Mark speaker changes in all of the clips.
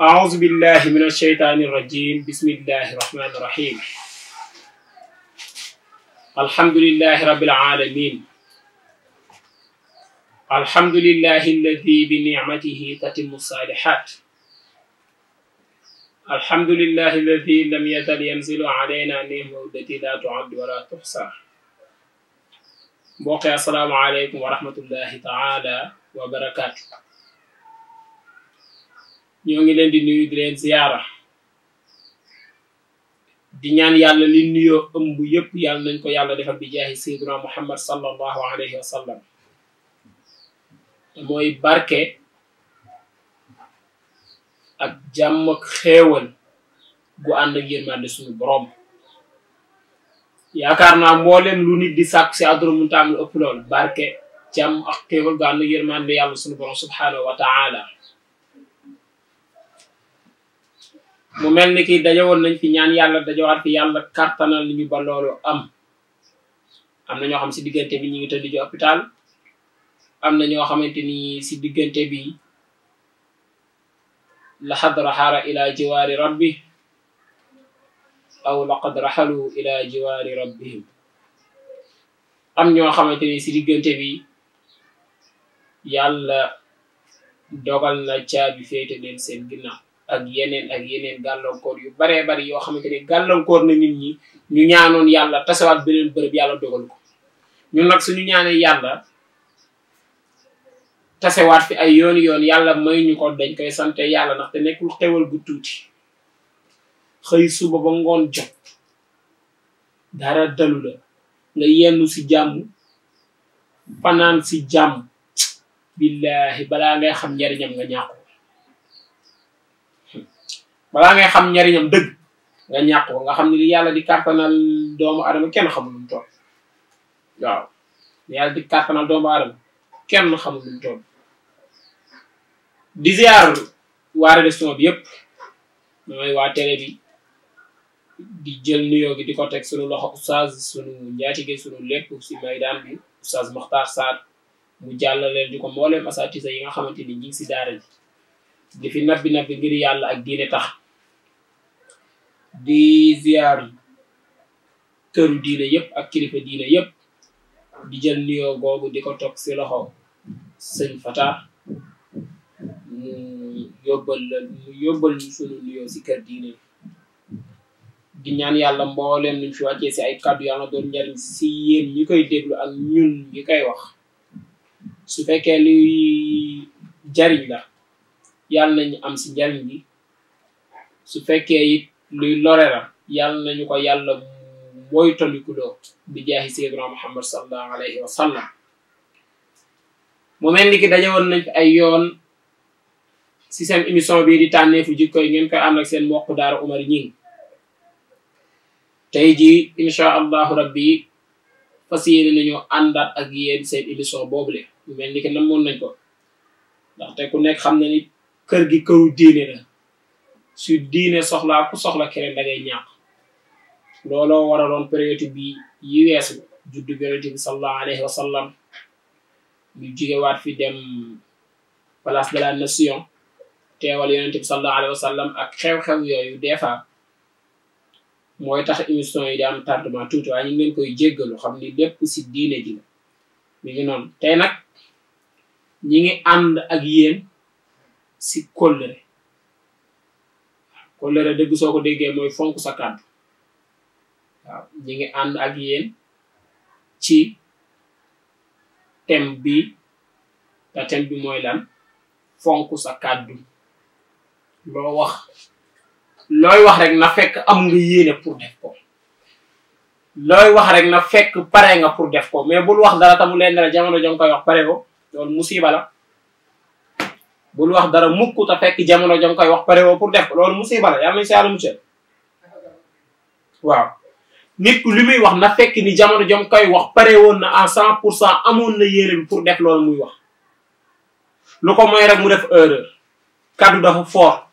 Speaker 1: أعوذ بالله من الشيطان الرجيم بسم الله الرحمن الرحيم الحمد لله رب العالمين الحمد لله الذي بنعمته تتم الصالحات الحمد لله الذي لم يزل ينزل علينا نعمه التي لا تعد ولا تحصى بوقي السلام عليكم ورحمة الله تعالى وبركاته ñoo ngi leen di nuyu di leen ziyaara di ñaan yàlla li nuyoo ëmb yëpp yàlla nañ ko yàlla defar bi jaahi sayyiduna muhammad sallallahu alayhi wa sallam mooy barke ak jàmm ak xéewal gu ànd ak yërmande suñu borom yaakaar naa mbooleem lu nit di sàkk si àdduna mun taamul barke jàmm ak xéewal gu ànd ak yërmande yàlla suñu borom subhanahu wa mu mel ni ki dajawoon nañ fi ñaan yàlla dajawaat fi yàlla kàttanal ñu ba am am na ñoo xam si diggante bi ñu ngi tëdd ci hôpital am na ñoo xamante ni si diggante bi la xadra xaara ila jiwaari rabbi aw laqad raxalu ila jiwaari rabbihim am ñoo xamante ni si diggante bi yàlla dogal na caabi féete leen seen ginnaaw ak yeneen ak yeneen gàllankoor yu baree bari yoo xamante ne gàllankoor na nit ñi ñu ñaanoon yàlla tasawaat beneen bërëb yàlla dogal ko ñun nag suñu ñaanee yàlla tasewaat fi ay yoon yoon yàlla may ko dañ koy sante yàlla te nekkul xewal gu tuuti xëy suba ba ngoon jot dara dalu la nga yennu ci jàmm fanaan si jàmm billaahi balaa ngay xam njariñam nga ñàkku balaa ngay xam njariñam dëgg nga ñàq nga xam ne li yàlla di kàttanal doomu adama kenn xamul lu mu toll waaw li yàlla di kàttanal doomu adama kenn xamul lu mu di ziar waa rédaction bi yëpp mooy waa télé bi di jël nuyoo gi di ko teg sunu loxo oustaz sunu njaatige sunu lépp si maydaan bi oustaz Mokhtar Sarr mu jàllaleel di ko mbooleem asatisa yi nga xamante ni ñi si daara ji di fi nabbi nabbi ngir yàlla ak diine tax di ziar këru diine yëpp ak kilifa diine yëpp di jël nuyoo googu di ko toog si loxo sëñ Fata mu yóbbal la mu yóbbal ñu sunu nuyoo si kër diine di ñaan yàlla mbooleem luñ fi wàccee si ay kàddu yàlla doon njariñ si yéen ñi koy déglu ak ñuul ñi koy wax su fekkee luy jariñ la yàlla nañu am si njariñ bi su fekkee it luy lore la yàlla nañu ko yàlla mooy tonikuloo bi jaahi sayyidina muhammad sallallahu alayhi mu mel ni ki daje nañ fi ay yoon si seen émission bii di tànnee fu jikko yi ngeen koy ànd ak seen mbokk daara Umar ñing tey jii incha allahu rabbi fas yéene nañu àndaat ak yéen seen émission boobule mu mel ni ki namoon nañ ko ndaxte ku nekk xam na ni kër gi këru diine la su diine soxlaa ku soxla keneen da ngay ñàkk looloo waraloon période bi yi weesu juddu yonent bi sallallahu alayhi wa sallam ñu jugewaat fi dem place de la nation teewal yonent bi sallallahu wa sallam ak xew-xew yooyu des mooy tax émission yi di am tardement tuuti waaye ñu ngi koy jéggalu xam ni lépp si diine ji la mi ngi noonu tey nag ñi ngi ànd ak yéen si kóllëre kóllëre dëgg soo ko déggee mooy fonk sa kàddu waaw ñi ngi ànd ak yéen ci thème bi te thème bi mooy lan fonk sa kàddu loo wax looy wax rek na fekk am nga yéene pour def ko looy wax rek na fekk pare nga pour def ko mais bul wax dara tamu leen dara jamono jang koy wax pare ko loolu musiba la bul wax dara mukk te fekk jamono jam wax pare woo pour def ko loolu musiba la yàlla nañ si yàlla muccal waaw nit ku li muy wax na fekk ni jamono jam koy wax pare woon na à cent pour cent amoon na yéene pour def loolu muy wax lu ko mooy rek mu def erreur kaddu dafa fort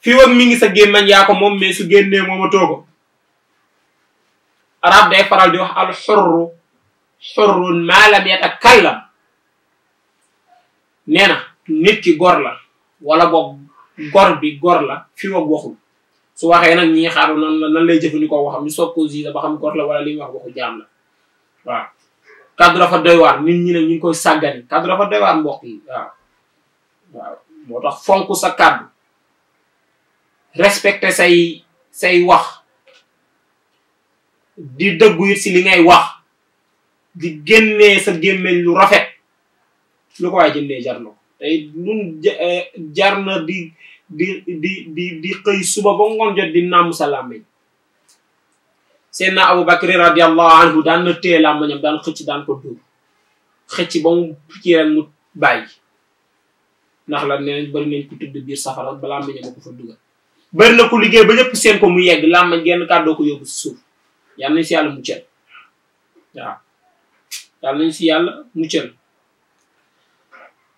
Speaker 1: fii woon mi ngi sa gémmañ yaa ko moom mais su génnee mooma toogo arab day faral di wax al xurru xurrun maalam yatakallam nee na nit ki gor la wala boog gor bi gor la fi wax waxul su waxee nag ñi xaaru nan la nan lay jëfandikoo waxam ñu soog ko juge ba xam gor la wala li wax waxu jaam la waaw kaddu dafa ñu ngi koy sàggani kaddu dafa doy waar mbokk moo tax fonk sa kaddu respecter say say wax di dëggu it si li ngay wax di génnee sa gémmiñ lu rafet lu ko waaye jëndee jar tey ñun eh, jar na di di di di xëy suba ba ngoon jot di nàmm sa làmmiñ Seydina Aboubacry radiallahu anhu daan na téye làmmiñam daan xëcc daan ko dóor xëcc ba mu kii mu bàyyi ndax la nee bari nañ ko tudd biir safara ba làmmiñam ko fa dugal bari na ko liggéey ba ñëpp seen ko mu yegg làmmiñ genn kàddoo ko yóbbu si suuf yàlla nañ si yàlla muccal waaw yàlla nañ si yàlla muccal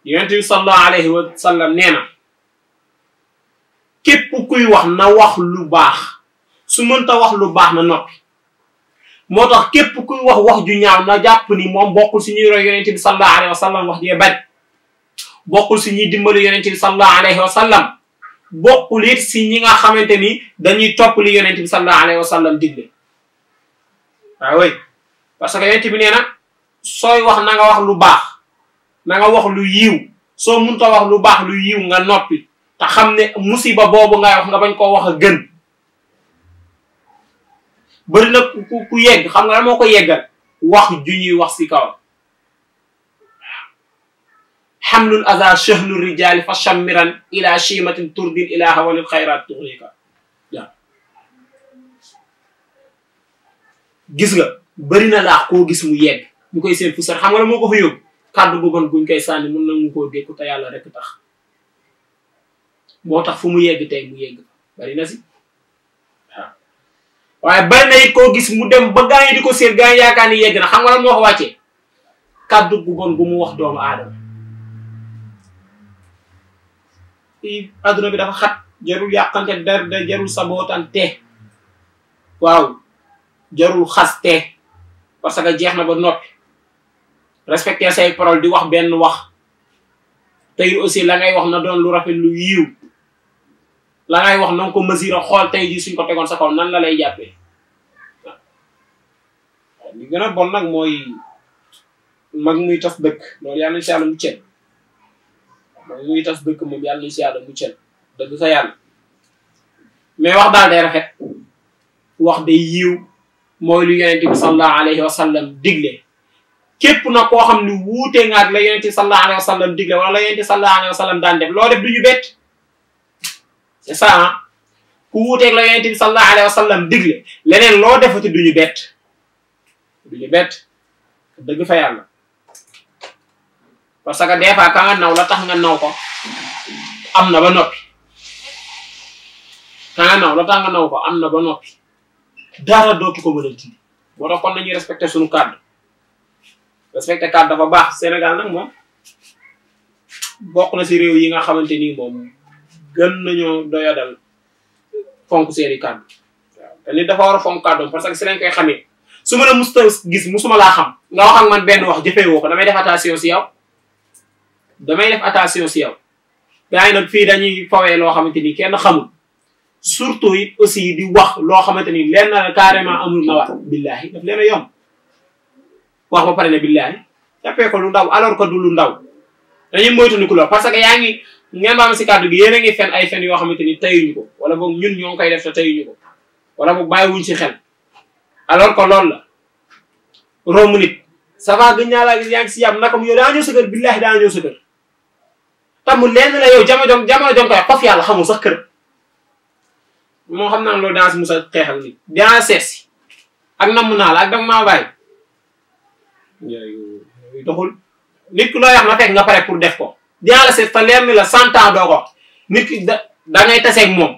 Speaker 1: yonent bi sallallahu alayhi wa nee na képp kuy wax na wax lu baax su mënta wax lu baax na noppi moo tax képp kuy wax wax ju ñaaw na jàpp ni moom bokkul si ñuy roy yonent bi sallallahu alayhi wa sallam wax jee bañ bokkul si si ñi nga xamante ni dañuy topp li yonent bi sallallahu alayhi wa sallam digle waaw parce que yonent bi nee na sooy wax na wax lu baax na wax lu yiw soo munta wax lu baax lu yiw nga noppi te xam ne musiba boobu ngay wax nga bañ koo wax a gën bëri na ku yegg xam nga lan moo ko yeggal wax ju ñuy wax si kaw lu aza chahlu rijali fa chammiran ila chimatin turdil ilaha walil xayrat tuxrika gis nga bëri na laax koo gis mu yegg ñu koy seen fu xam nga la moo ko fa kàddu bu bon buñ koy sànni mën nañu koo dékku yàlla rekk tax moo tax fu mu yegg tey mu yegg bari na si waaw waaye bari koo gis mu dem ba gaa yi di ko seet gaa yaakaar ni yegg na xam nga lan wax ko kàddu gu bon bu mu wax doomu aadama adduna bi dafa xat jarul yàqante der de jarul sabootante waaw jarul xaste parce que jeex na ba noppi respecter say parole di wax benn wax tey aussi la ngay wax na doon lu rafet lu yiiw la wax na ko mesure xool tey ji suñ ko tegoon sa kaw nan la lay jàppee waaw gën a bon nag mooy mag muy tas dëkk loolu yàlla si yàlla mu cel mag muy tas dëkk moom yàlla si yàlla mu cel dëgg sa yàlla mais wax daal day rafet wax day yiiw mooy lu yonente bi sallallahu alayhi wa digle képp nag koo xam ne wuute nga ak la yonent bi sallallahu alayhi wa sallam digle wala la yonent bi sallallahu daan def loo def du ñu c'est ça ku wuuteeg la yonent bi sallallahu alayhi wa sallam digle leneen loo defati du ñu bett du ñu bett dëgg fa yàlla parce que des fois a nga naw la tax nga naw ko am na ba noppi ka nga naw la tax nga naw ko am na ba noppi dara dootu ko mën a dindi moo tax kon nañuy respecté suñu kàddu respecté cadre dafa baax Sénégal nag moom bokk na si réew yi nga xamante ni moom gën nañoo doyadal fonk seeni cadre waaw te nit dafa war a fonk cadre parce que si lañ koy xamee su ma la musta gis ma laa xam nga wax ak man benn wax jëfee woo ko damay def attention si damay def attention si yow gaa yi nag fii dañuy fawee loo xamante ni kenn xamul surtout yi aussi di wax loo xamante ni lenn carrément amul na waat billahi daf leen a yomb wax ba pare ne billaahi jàppee ko lu ndaw alors que du lu ndaw dañuy moytandiku la parce que yaa ngi ngeen baam si kàddu gi yéen ngi fen ay fen yoo xamante ni tayuñu wala boog ñun ñoo ngi koy def te tayuñu ko wala boog bàyyiwuñ si xel alors que loolu la nit ça va gën ñaa si yàmm naka mu yow daa ñëw sa kër billaahi daa ñëw sa kër la yow jamono jom jamono jom koy sax kër moo xam naa loolu daa si musa xeexal nit daa seesi ak namm naa la ak dama maa bàyyi yooyu doxul nit ku loo wax na fekk nga pare pour def ko dinaa la seet fa la cent ans nit ki da da ngay taseeg moom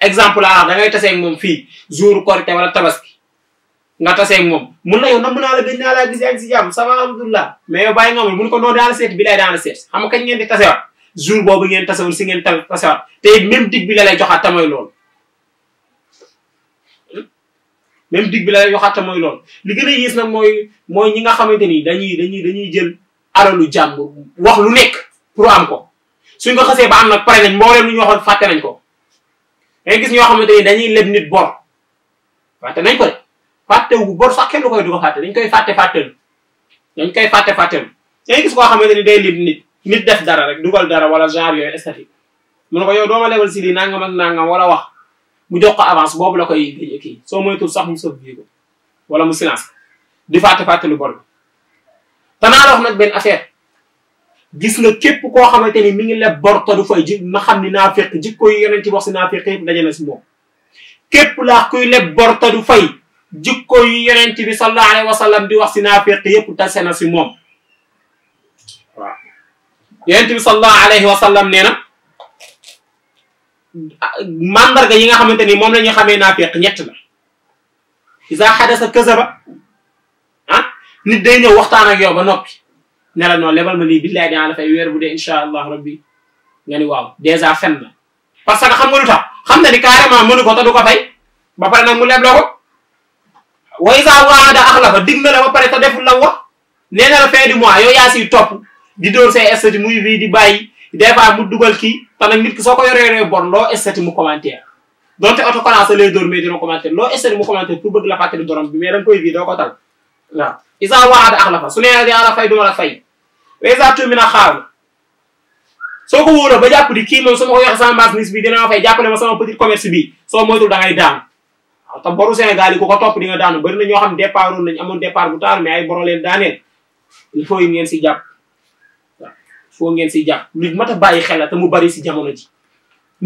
Speaker 1: exemple la da ngay taseeg moom fii jour korité wala tabaski nga taseeg moom mun na yow na mën naa la gëj naa laa gisee ak si jàmm ça va alhamdulilah mais yow bàyyi nga mun ko noo daal seet bi lay daal seet xam nga kañ ngeen boobu ngeen tasewoon si ngeen tasewaat te même dig bi la lay joxaat tamay loolu même dig bi la yoxaata mooy loolu li gën a yées nag mooy mooy ñi nga xamante ni dañuy dañuy dañuy jël alalu jàmm wax lu nekk pour am ko suñ ko xasee ba am nag pare nañ mbooleem lu ñu waxoon fàtte nañ ko dangay gis ñoo xamante ni dañuy leb nit bor fàtte nañ ko de fàttewu bor sax kenn du koy du ko fàtte dañ koy fàtte fàttelu dañ koy fàtte fàttelu dangay gis koo xamante ni day leb nit nit def dara rek dugal dara wala genre yooyu estati mu ne ko yow dooma lebal si lii nangam ak nangam wala wax mu jox ko avance boobu la koy gëj kii soo moytuwul sax mu sëb bii ko wala mu silence di fàtte fàtte lu bon. te naa benn affaire gis na képp koo xamante ni mi ngi leb bor te du fay ji na xam ni naafiq jikko yi yeneen ci wax si naafiq yëpp daje na si moom. képp laa kuy leb bor fay jikko yi yeneen ci bi wa sallam di wax si naafiq yépp tase na si moom waaw yeneen ci bi sallallahu alayhi wa sallam nee na. mandarga yi nga xamante ni moom la ñu xamee naafeq ñett la sa xadasa kasaba ah nit day ñëw waxtaan ak yow ba noppi ne la noonu lebal ma lii billaay dinaa la fay weer bu dee insha allah rabbi nga ni waaw dèjà fen la parce que xam nga lu tax xam na ni carrément mënu ko te du ko fay ba pare nag mu leb la ko wa isa waada axlafa dig na la ba pare te deful la wax nee na la fin du mois yow yaa topp di dóor say estati muy fii di bàyyi des fois mu dugal kii te nag nit ki soo ko yoree yoree bon loo estati mu commentaire donte autocollant sa lay dóor mais dina commentaire loo estati mu commentaire pour bëgg la fàttali borom bi mais da nga koy ko tal waaw isa jàpp di kii moom su ma ko yoxe sama business bi dina ma fay ko topp di nga daanu bari na ñoo xam départ woon nañu amoon départ bu taal mais ay boro daaneel il faut yi ngeen si jàpp foo ngeen si jàpp lu mat a bàyyi xel la te mu bari si jamono ji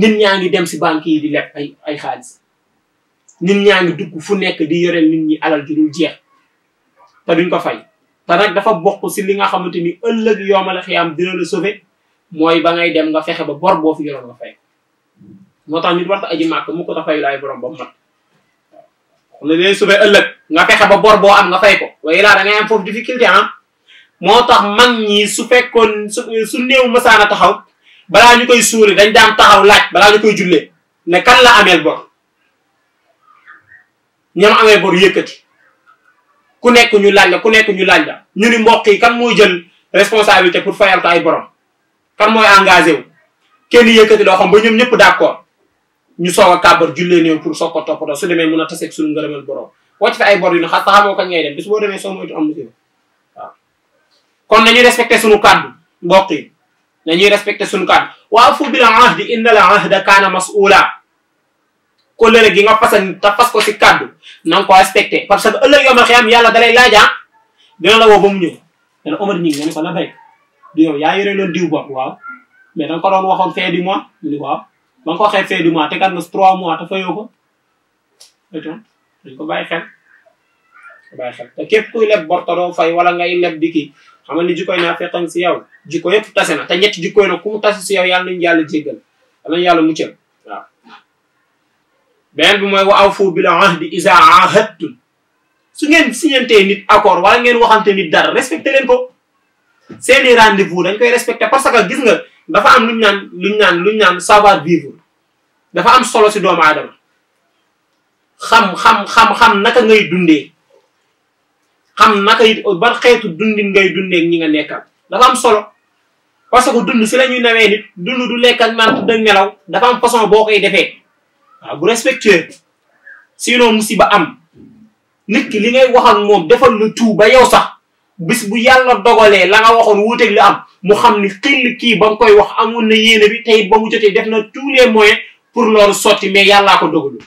Speaker 1: nit ñaa ngi dem si banque yi di leb ay ay xaalis nit ñaa ngi dugg fu nekk di yore nit ñi alal ju jeex te duñ ko fay te nag dafa bokk si li nga xamante ni ëllëg yoomale xiyaam dina la sauver mooy ba ngay dem nga fexe ba bor boo fi yoroon nga fay moo tax nit warta mu ko ta borom ba mat am nga fay ko waaye laa da am foofu difficulté ah moo tax man ñi su fekkoon su su néew a taxaw balaa ñu koy suuli dañ daan taxaw laaj balaa ñu koy jullee ne kan la ameel bor ñam amee bor yëkkati ku nekk ñu laaj la ku nekk ñu laaj la ñu ni mbokk yi kan mooy jël responsabilité pour fayal ko ay boro kan mooy engagé wu kenn yëkkati loo xam ba ñoom ñëpp d'accord ñu soog a kàbbar jullee néew pour soog ko toppatoo su demee mun a taseeg suñu ngërëmal borom wàcc fi ay bor yu ne xas taxamoo kañ ngay dem bis kon nañu respecté suñu kàddu mbokk yi nañuy respecté suñu kàddu waa fu bil ahdi inna al ahda kaana mas'uula kóllëre gi nga fasan te fas ko si kàddu na nga ko respecté parce que ëllëg yomal xiyam yàlla dalay laajaa ah, dina la woo mu ñëw dana Omar ñi ngi ko la bay du yow yaa yore loon diw bopp waaw mais da nga ko doon waxoon fin du mois mu ni waaw ba ko waxee fin du mois te kan nga trois mois te fayoo ko dañ ko bàyyi xel bàyyi xel te képp kuy leb bor fay wala ngay leb di kii xamal ni jikkoy naa fekkoon si yow jikko yëpp tase na te ñetti jikkoy na ku mu tase si yow yàlla nañu yàlla jéggal yàlla nañu yàlla muccal waaw beneen bi mooy wa awfu bil ahdi su ngeen signantee nit accord wala ngeen waxante nit dara respecté leen ko seeni rendez-vous dañ koy respecté parce que gis nga dafa am luñ naan luñ naan luñ naan savoir vivre dafa am solo si doomu aadama xam xam xam xam naka ngay dundee xam naka it ban xeetu dundin ngay dundeek ñi nga nekkal dafa am solo parce que dund si la ñuy nawee nit dund du lekk ak naan tudd ak nelaw dafa am façon boo koy defee waaw bu respecté sinon musiba am nit ki li ngay waxal moom defal lu tout ba yow sax bis bu yàlla dogalee la nga waxoon wuuteeg li am mu xam ni xill kii ba nga koy wax amoon na yéene bi tey ba mu jotee def na tous les moyens pour loolu sotti mais yàllaa ko dogalu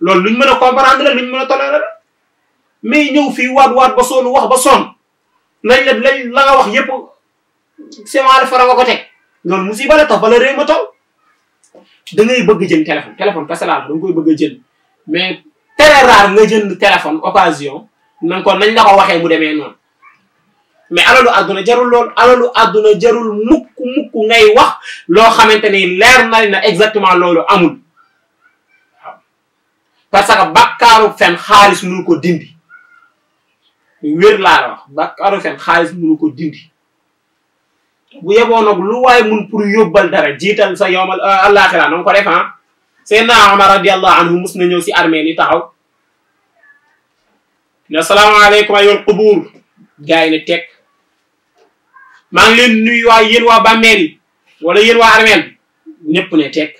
Speaker 1: loolu luñ mën a comprendre la luñ mën a tolérer la mais ñëw fii waat waat ba sonn wax ba sonn nañ la lañ la nga wax yépp semence de fara nga ko teg loolu musiba la a bala réew ma taw da bëgg jën téléphone téléphone kese laa da nga bëgg a jënd mais très rare nga jënd téléphone occasion nan ko nañ la ko waxee mu demee noonu mais alalu àdduna jarul lool alalu àdduna jarul mukk mukk ngay wax loo xamante ni leer nari na exactement loolu amul waaw parce que bakkaaru fen xaalis mënu ko dindi wér laa wax bàkkaaru fen xaalis mënu ko dindi bu yeboo nag lu waaye mun pour yóbbal dara jiital sa yowmal àllaaxira euh, na nga ko def ah Seydina Omar radiyallahu anhu mus na ñëw si armée ni taxaw ne salaamaaleykum ayyul qubuur gars yi ne maa ngi leen nuyu waa yéen waa bàmmeel wala yéen waa armeel ñëpp ne teg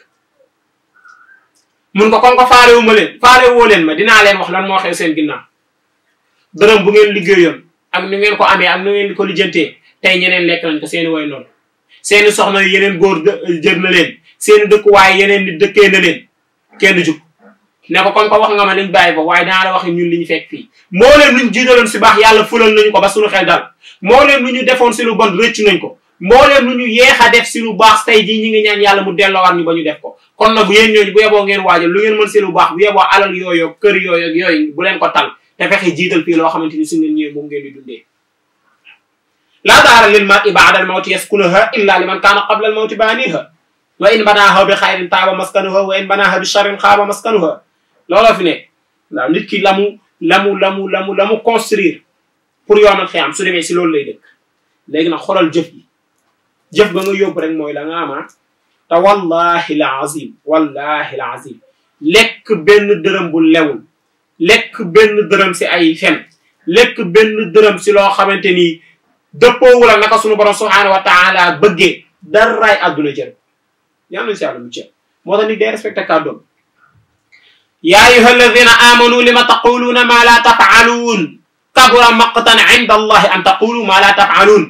Speaker 1: mun ko kon ko leen faare leen ma dinaa leen wax lan moo xew seen ginnaaw dërëm bu ngeen liggéeyoon ak nu ngeen ko amee ak nu ngeen ko lijjantee tey ñeneen lekk nañ ko seeni way seeni soxna yeneen góor jër na leen seeni dëkkuwaay yeneen nit dëkkee na leen kenn jug ne ko kon ko wax ñun li ñu fekk fii moo leen lu ñu jiitaloon si baax yàlla fulal nañu ko ba suñu xel ñu defoon si lu bon rëccu nañ ko moo leen lu ñu yeex a def baax tey jii ñi ngi ñaan yàlla mu delloowaat ñu ba ñu def ko kon nag bu yéen ñooñu bu yeboo ngeen waajal lu ngeen mën si lu baax bu yeboo alal yooyu kër yooyu yooyu bu leen ko tal te fexe jiital fii loo xamante ni su ngeen ñëwee moom ngeen di dundee laa daara lil mar'i ba'da al mawti yaskunuha qabla al mawti baaniha in banaaha bi xayrin taaba maskanuha wa in banaaha bi sharrin xaaba maskanuha looloo fi nekk ki la mu la mu la mu la mu la mu construire pour yoomal xiyaam su si loolu lay dëkk léegi nag xoolal jëf yi jëf ba nga yóbbu rek mooy la nga ama ah. te wallahi la azim wallahi la azim lekk benn lekk benn dërëm si ay fen lekk benn dërëm si loo xamante ni dëppoowul ak naka suñu borom subhaanahu wa taala bëggee daraay àdduna jël yal nañu si yàlla mu jël moo tax nit day respecté kàddoom yaa ayyuha alladina amanu lima taquluuna maa laa tafaaluun kabura maqtan inda allahi an taqulu maa laa tafaaluun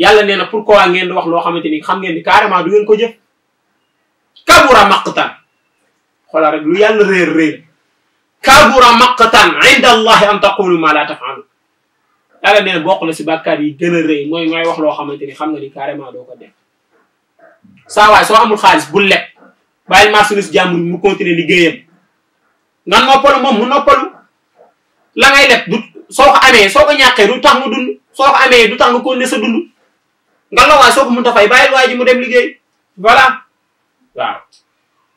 Speaker 1: yàlla nee na pourquoi ngeen di wax loo xamante ni xam ngeen ni carrément du ngeen ko jëf kabura maqtan xoolal rek lu yàlla réer réer kaabura maqtan inda allahi an taqulu ma la tafaalu yàlla nee na bokk na si bàkkaar yi gën a rëy mooy mooy wax loo xamante ni xam nga ni carrément doo ko def waay soo amul xaalis bu lekk bàyyil marchandise jàmbur mu continuer liggéeyam nga noppalu moom mu noppalu la ngay lekk du soo amee soo ko ñàqee du tax mu soo ko amee du tax nga continuer sa dund nga la waay soo ko mënta fay bàyyil waa mu dem liggéey voilà waaw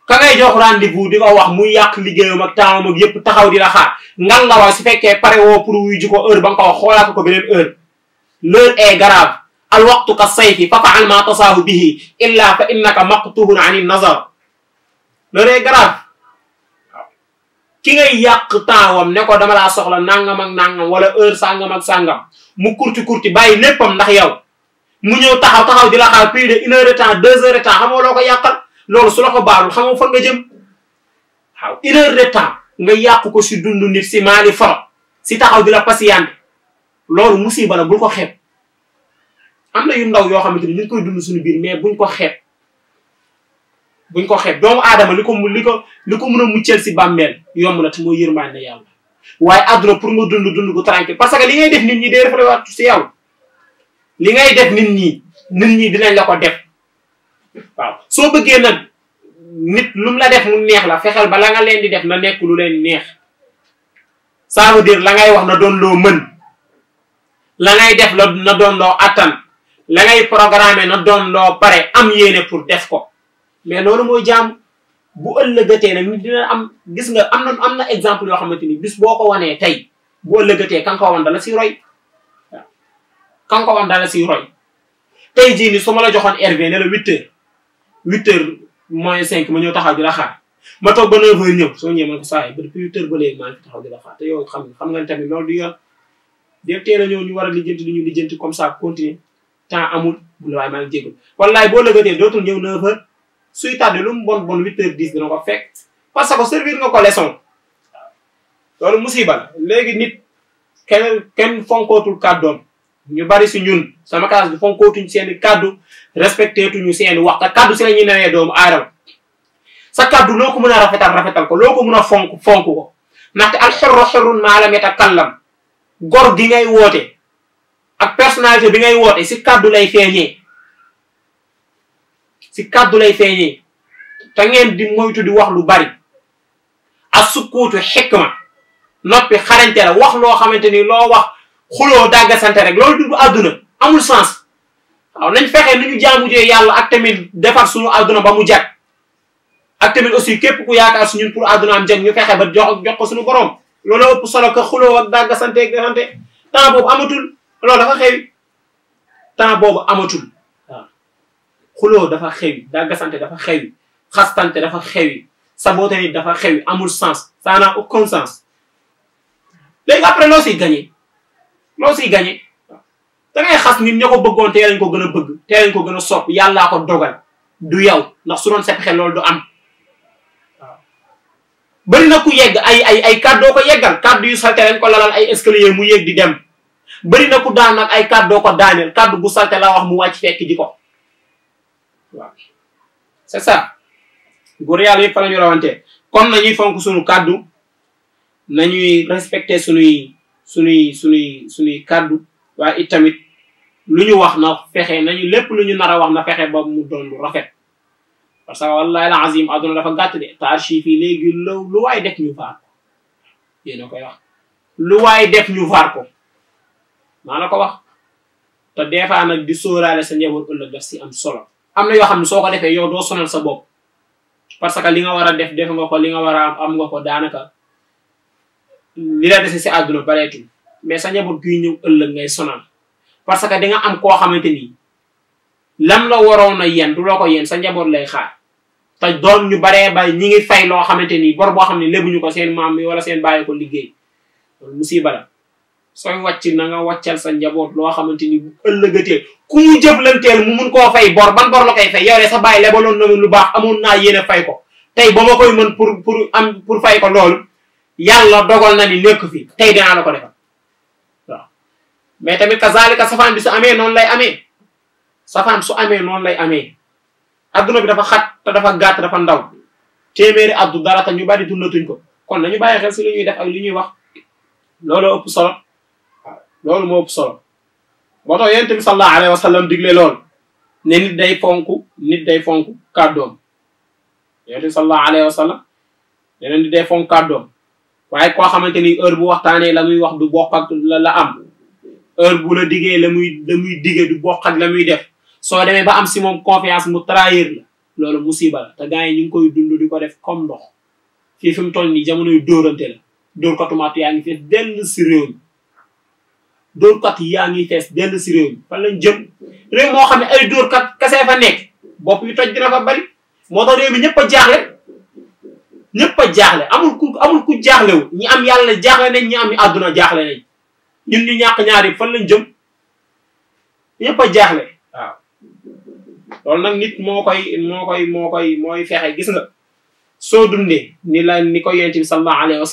Speaker 1: ka ngay jox rendez-vous di ko wax mu yàq liggéeyam ak temps ak yëpp taxaw di la xaar ngan la waa su fekkee pare woo pour wuyu ji ko heure ba nga ko wax xoolaat ko beneen heure l'heure est grave al waqtu ka sayfi fa faal ma tasaahu bihi illa fa innaka maqtuhun an nazar l'heure est grave ki ngay yàq temps wam ne ko dama laa soxla nangam ak nangam wala heure sangam ak sangam mu kurti kurti bàyyi léppam ndax yow mu ñëw taxaw taxaw di la xaar plus de une heure de loolu su la ko baalul xam nga fan nga jëm waaw une heure de nga yàq ko si dund nit si maali foro si taxaw di la patiente loolu musiba la bul ko xeeb am na yu ndaw yoo xamante ni ñu ngi koy dund suñu mais buñ ko xeeb buñ ko xeeb doomu aadama li ko li ko li ko mën a mucceel si bàmmeel yomb na te mooy yërmande yàlla waaye àdduna pour nga dund dund ko tranquille parce que li ngay def nit ñi day refléter si yow li ngay def nit ñi nit ñi dinañ la def waaw soo bëggee nag nit lu la def mu neex la fexeel ba la nga leen di def na nekk lu leen neex ça dire la ngay wax na doon loo mën la ngay def la na doon loo attan la ngay programmer na doon loo pare am yéene pour def ko mais loolu mooy jàmm bu ëllëgatee nag dina am gis nga am na am na exemple yoo xamante ni bis boo ko wanee tey bu ëllëgatee kan ko wan dala si roy waaw kan ko tey jii ni su ma la joxoon Hervé ne la huit huit heures moins cinq ma ñëw taxaw di la xaar ma toog ba neuf ñëw soo ñëwee ma ko saa yi ba depuis huit ba léegi maa taxaw di la xaar te yow xam xam nga ne tamit loolu du yoon def teel a ñëw ñu war a lijjanti lu ñu lijjanti comme ça continuer temps amul bu la waaye maa ngi jégal wallaay boo lëgatee dootul ñëw neuf heures suy tardé lu mu bon bon huit heures dix dina ko fekk parce que servir nga ko leçon loolu musiba la léegi nit kenn kenn fonkootul kàddoom ñu bari si ñun sama classe bi fonkootuñ seeni kàddu respecté tuñu seeni wax te kàddu si la ñuy nawee doomu aadama sa kàddu loo ko mën a rafetal rafetal ko loo ko mën a fonk fonk ko ndaxte al naa xorrun maa lam yatakallam gor gi ngay woote ak personnalité bi ngay woote si kàddu lay feeñee si kàddu lay feeñee te ngeen di moytu di wax lu bari ak sukkuutu xikma noppi xarañte la wax loo xamante ni loo wax xuloo dagga rek loolu du àdduna amul sens waaw nañ fexe nu ñu jaamujee yàlla ak tamit defar suñu àdduna ba mu jag ak tamit aussi képp ku yaakaar suñun pour àdduna am ñu fexe ba jox jox ko suñu borom loolu ëpp solo ko xuloo ak dagga sante ak defante temps boobu amatul loolu dafa xewi temps boobu amatul waaw ah. dafa xewi dagga sante dafa xewi xastante dafa xewi saboote nit dafa xewi amul sens ça n'a aucun sens léegi après loo si gagné lool si gañe da ngay xas nit ña ko bëggoon tee lañ ko gën a bëgg tee lañ ko gën a sopp yàllaa ko dogal du yow ndax su doon sepp xel loolu du am waaw na ku yegg ay ay ay kàddoo ko yeggal kàddu yu salte lañ ay escalier mu yéeg di dem bëri na ku daan ay kàddoo ko daaneel kàddu bu salte la wax mu wàcc fekk ji ko waaw c'est ça góor yàlla yëpp fa la ñu comme nañuy fonk sunu kàddu nañuy respecté suñuy suñuy suñuy suñuy kàddu waaye it tamit lu ñu wax na fexe nañu lépp lu ñu nar a wax na fexe ba mu doon lu rafet parce que wallahi al azim àdduna dafa gàtt de te archive yi léegi lu lu waay def ñu vaar ko yéen a koy wax lu waay def ñu ko maa la ko wax te des fois nag di sóoraale sa njaboot ëllëg daf si am solo am na yoo xam ne soo ko defee yow doo sonal sa bopp parce que li nga war a def def nga ko li nga war a am nga ko daanaka li la dese si àdduna bareetul mais sa njaboot guy ñëw ëllëg ngay sonal parce que di nga am koo xamante ni lam la waroon a yen du loo ko yen sa njaboot lay xaar te doom ñu baree bari ñi ngi fay loo xamante ni bor boo xam ne ñu ko seen maam mi wala seen bàyyi ko liggéey loolu musiba la sooy wàcc na nga sa njaboot loo xamante ni bu ëllëgatee ku mu jëflanteel mu mun koo fay boor ban bor la koy fay yow de sa bàyyi lebaloon na lu baax amoon naa yéen fay ko tey pour am pour fay ko loolu yàlla dogal na ni nekk fii tey dinaa la ko defal waaw mais tamit kazalika safaan bi su amee noonu lay amee safaan su amee noonu lay amee adduna bi dafa xat te dafa gàtt dafa ndaw téeméeri addu dara te ñu bari dundatuñ ko kon nañu bàyyi xel si li ñuy def ak li ñuy wax loolu ëpp solo loolu moo ëpp solo moo tax yonent bi sallallahu alayhi digle lool ne nit day fonk nit day fonk kàddoom yonent bi sallallahu nit day fonk kàddoom waaye koo xamante ni heure bu waxtaanee la muy wax du bokk ak la la am heure bu la diggee la muy la muy diggee du bokk ak la muy def soo demee ba am si moom confiance mu trahir la loolu musiba la te gars yi ngi koy dund di ko def comme ndox fii fi mu toll nii jamonoy dóorante la dóorkatumaatu yaa ngi fees yaa ngi fees dell si réew mi fan lañ jëm réew moo xam ne ay dóorkat kasee fa nekk bopp yu toj dina fa bari moo tax réew mi ñëpp a jaaxle ñépp a jaaxle amul ku amul ku ñi am yàlla jaaxle nañ ñi am àdduna jaaxle nañ ñun ñu ñaari fan lañ jëm ñëpp a jaaxle waaw loolu nit moo koy moo koy moo koy mooy fexe gis nga soo dundee ni la ni ko yonent bi sallallahu alayhi wa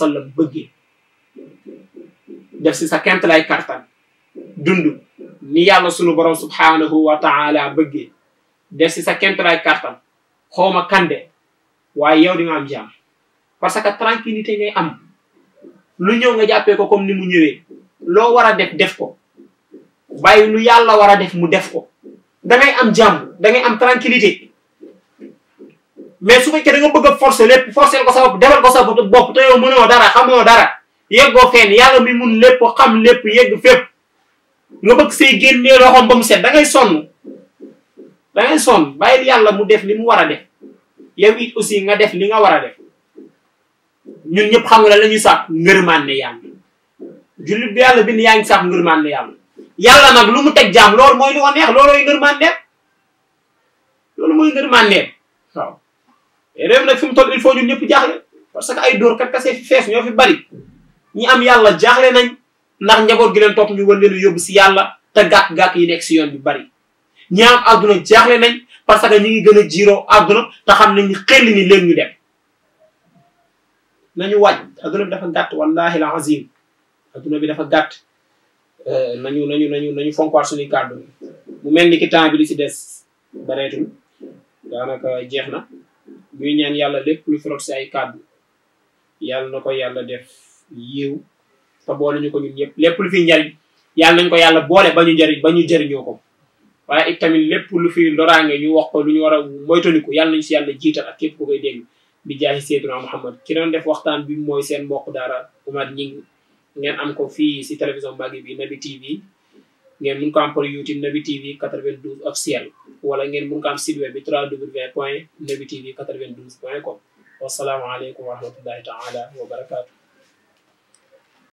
Speaker 1: def si sa kent lay kartan dund ni yàlla sunu borom subhanahu wa taala def si sa kent lay kartan xawma kande waaye yow di nga am parce que tranquillité ngay am lu ñëw nga jàppee ko comme ni mu ñëwee loo war a def def ko bàyyi lu yàlla war a def mu def ko da am jàmm da ngay am tranquillité mais su fekkee da nga bëgg a forcer lépp forcer ko sa bopp defal ko sa bopp te yow mënoo dara xamoo dara yeggoo fenn yàlla mi mun lépp xam lépp yegg fépp nga bëgg say génnee loxoom ba mu set da ngay sonn da ngay sonn bàyyil yàlla mu def li mu war a def yow it aussi nga def li nga war a def ñun ñëpp xam nga la ñuy sàkk ngërmaande yàlla jullit bi yàlla bind yaa ngi sàkk ngërmaande yàlla yàlla nag lu mu teg jaam loolu mooy lu ko neex loolooy ngërmaandeem loolu mooy ngërmaandeem waaw réew nag fi mu toll il faut ñun ñëpp parce que ay dóor kat kase fees ñoo fi bari ñi am yàlla jaaxle nañ ndax njaboot gi leen topp ñu war leen a yóbbu si yàlla te gàkk-gàkk yi nekk si yoon bi bari ñi am àdduna jaaxle nañ parce que ñi ngi gën a jiiroo àdduna te xam nañ xel ni leen ñu dem nañu waaj adduna bi dafa gàtt wallahi al azim adduna bi dafa gàtt euh, nañu nañu nañu nañu fonkuwaat suñuy kàddu mu mel ni ki temps bi li si des bareetul daanaka jeex na ñuy ñaan yàlla lépp lu firot si ay kàddu yàlla na ko yàlla def yiw te boole ñu ko ñun ñëpp lépp lu fi njariñ yàlla nañ ko yàlla boole ba ñu njariñ ba ñu jëriñoo ko waaye it tamit lépp lu fi loraange ñu wax ko lu ñu war a moytandiku yàlla nañ si yàlla jiital ak képp ku koy dégg bi jaahi Seydina Muhammad ki doon def waxtaan bi mooy seen mbokk daara Oumar Gningue ngeen am ko fii si télévision mbaggi bi Naby TV ngeen mun ko am par YouTube Naby TV 92 officiel wala ngeen mun ko am site web bi 3w point bi tv 92 point com wassalaamu aleykum wa rahmatullahi taala wa